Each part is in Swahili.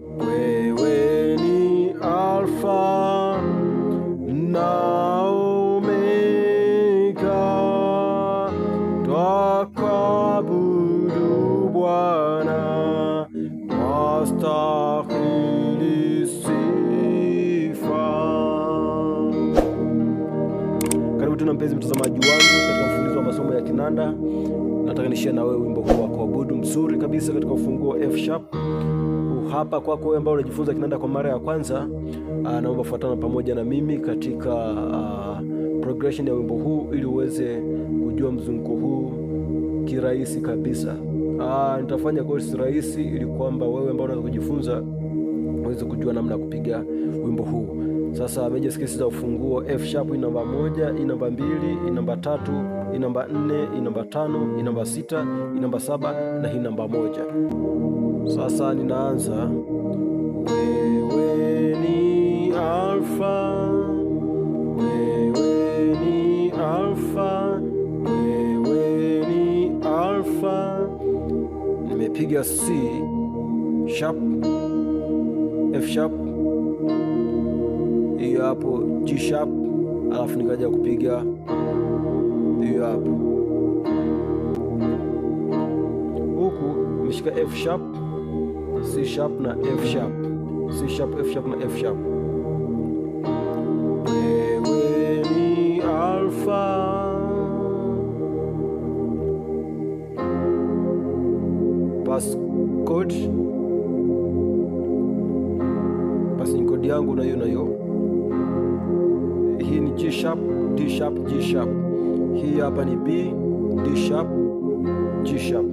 Wewe Alfa na twakwabudu Bwana, wastahili Karibu tena mpenzi mtazamaji wangu katika mfululizo wa masomo ya kinanda. Nataka nishia na wewe wimbo huu wa kuabudu mzuri kabisa katika ufunguo F sharp hapa kwako wewe ambao unajifunza kinanda kwa mara ya kwanza, ah, naomba fuatana pamoja na mimi katika uh, progression ya wimbo huu ili uweze kujua mzunguko huu kirahisi kabisa. Uh, nitafanya course rahisi ili kwamba wewe ambao unataka kujifunza uweze kujua namna ya kupiga wimbo huu. Sasa major scales za ufunguo F sharp ni namba moja, ni namba mbili, ni namba tatu, ni namba nne, ni namba tano, ni namba sita, ni namba saba na hii namba moja. Sasa ninaanza. Wewe ni Alfa, wewe ni Alfa, wewe ni Alfa. Nimepiga C sharp, F sharp, hiyo hapo G sharp, alafu nikaja kupiga hiyo hapo, huku nimeshika F sharp C sharp na F sharp, C sharp, F sharp na F sharp. Wewe ni alfa pas code passing code yangu na Hii ni G sharp, D sharp, G sharp. Hii hapa ni B, D sharp, G sharp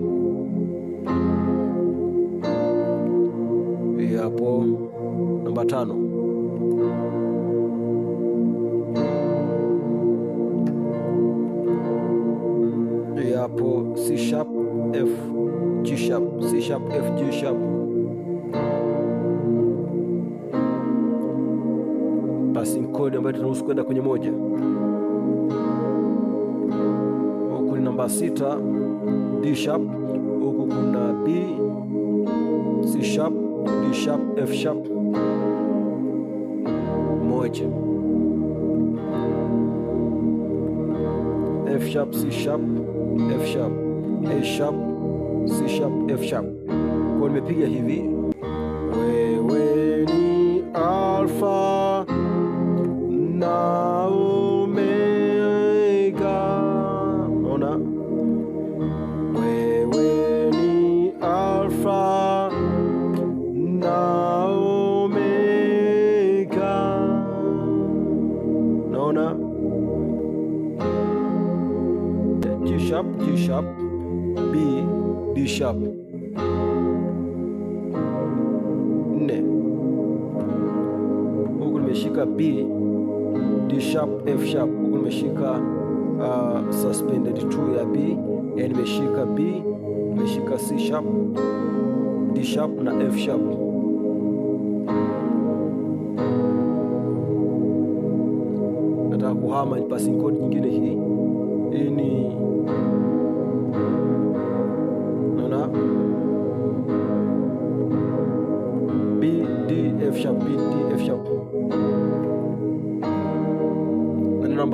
hapo namba tano. hapo C sharp F G sharp C sharp F G sharp passing code ambayo tunahusu kwenda kwenye moja. Huku ni namba sita D sharp, huku kuna B sharp, D sharp, F sharp moja, F sharp, C sharp, F sharp, A sharp, C sharp, F sharp. Kwa nimepiga hivi, wewe ni alfa na D sharp nne, huku nimeshika B, D sharp, F sharp, huku nimeshika uh, suspended 2 ya B, yani e, nimeshika B, nimeshika C sharp, D sharp na F sharp. Nataka kuhama ni passing chord nyingine hii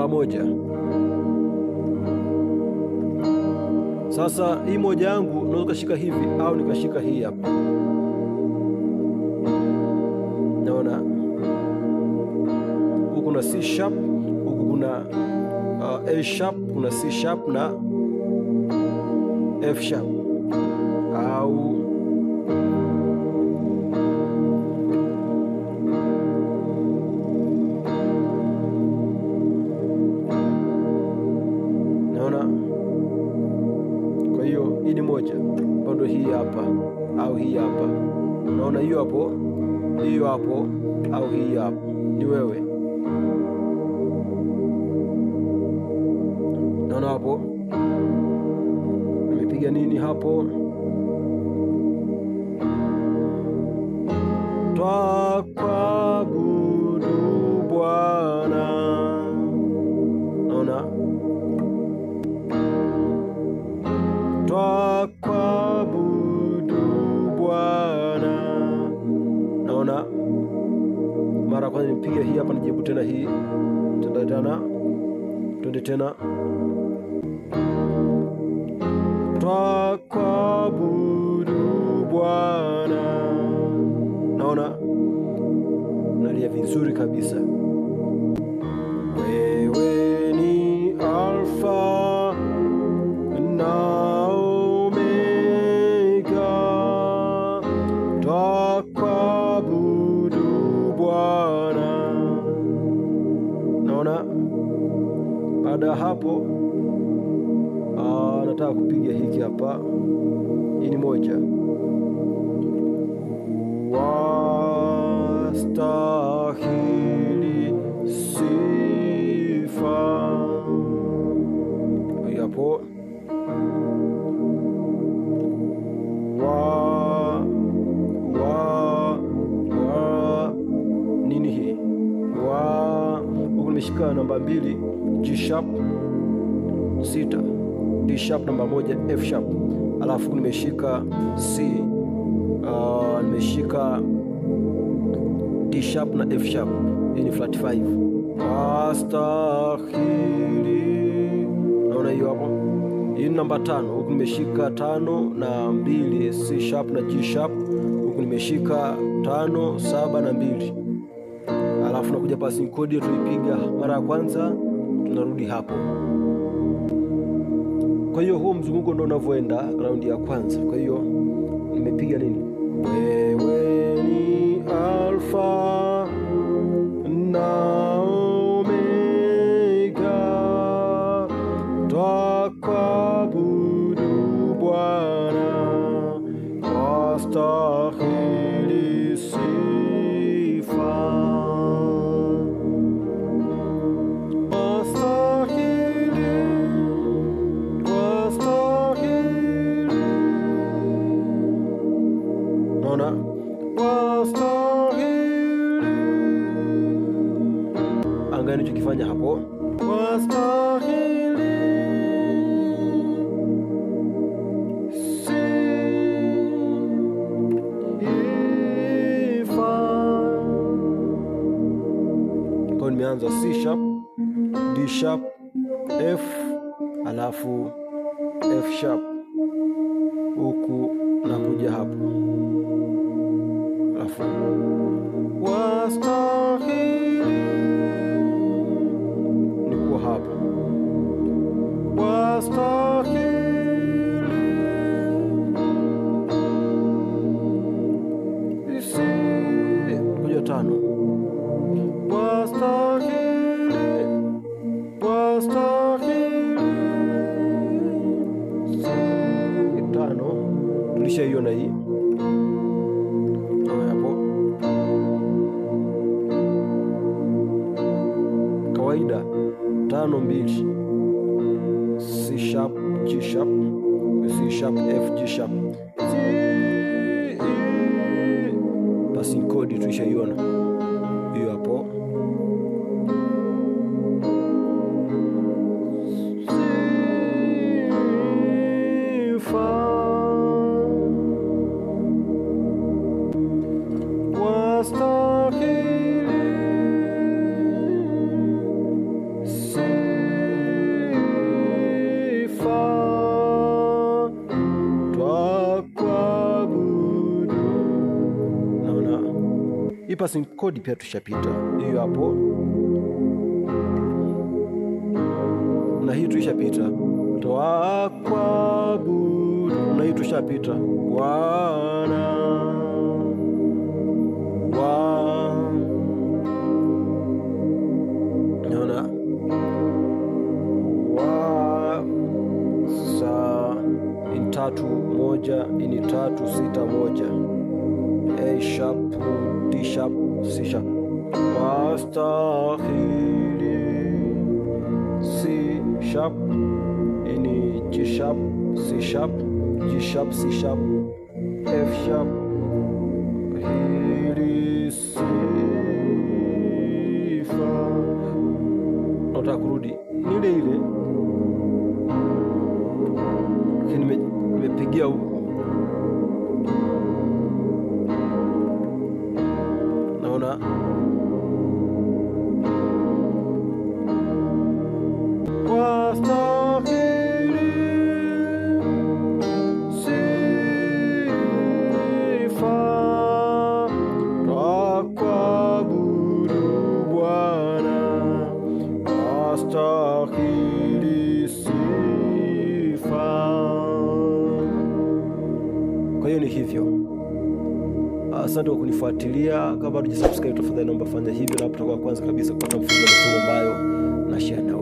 namba moja. Sasa hii moja yangu unaweza ukashika hivi au nikashika hii hapa, naona huku kuna C sharp, huku kuna uh, A sharp, kuna C sharp na F sharp. hapo au hii hapo, ni wewe. Naona hapo nimepiga nini hapo, twakwa nipige hii hapa, nijibu tena hii tena, twende tena twakwabudu Bwana. Naona nalia vizuri kabisa wewe nataka kupiga hiki hapa. Hii ni moja wastahili sifa yapo huku nimeshika namba mbili G sharp sita D sharp namba moja, F sharp, alafu nimeshika C, uh, nimeshika D sharp na F sharp. Hii ni flat 5 astahili, naona hiyo hapo. Hii ni namba tano, huku nimeshika tano na mbili, C sharp na G sharp, huku nimeshika tano saba na mbili, alafu nakuja passing chord tulipiga mara ya kwanza, tunarudi hapo. Kwa hiyo huo mzunguko ndio unavyoenda raundi ya kwanza. Kwa hiyo nimepiga nini sharp F alafu F sharp huku nakuja hapo alafu unajumlisha hiyo na hii hapo. Kawaida tano mbili, C sharp G sharp C sharp F G sharp passing kodi pia tushapita hiyo hapo, na hii tuishapita. Twakuabudu na hii tushapita. Bwana naona saa ni tatu moja ni tatu sita moja D sharp, D sharp, C sharp. Wastahili C sharp, ini G sharp, C sharp, G sharp, C sharp, F sharp. Hili sifa. Nataka kurudi ile ile. Nimepigia asante kwa kunifuatilia. Kama bado hujasubscribe, tafadhali naomba fanya hivyo, na tutakuwa kwanza kabisa kupata mfululizo wa ambayo na share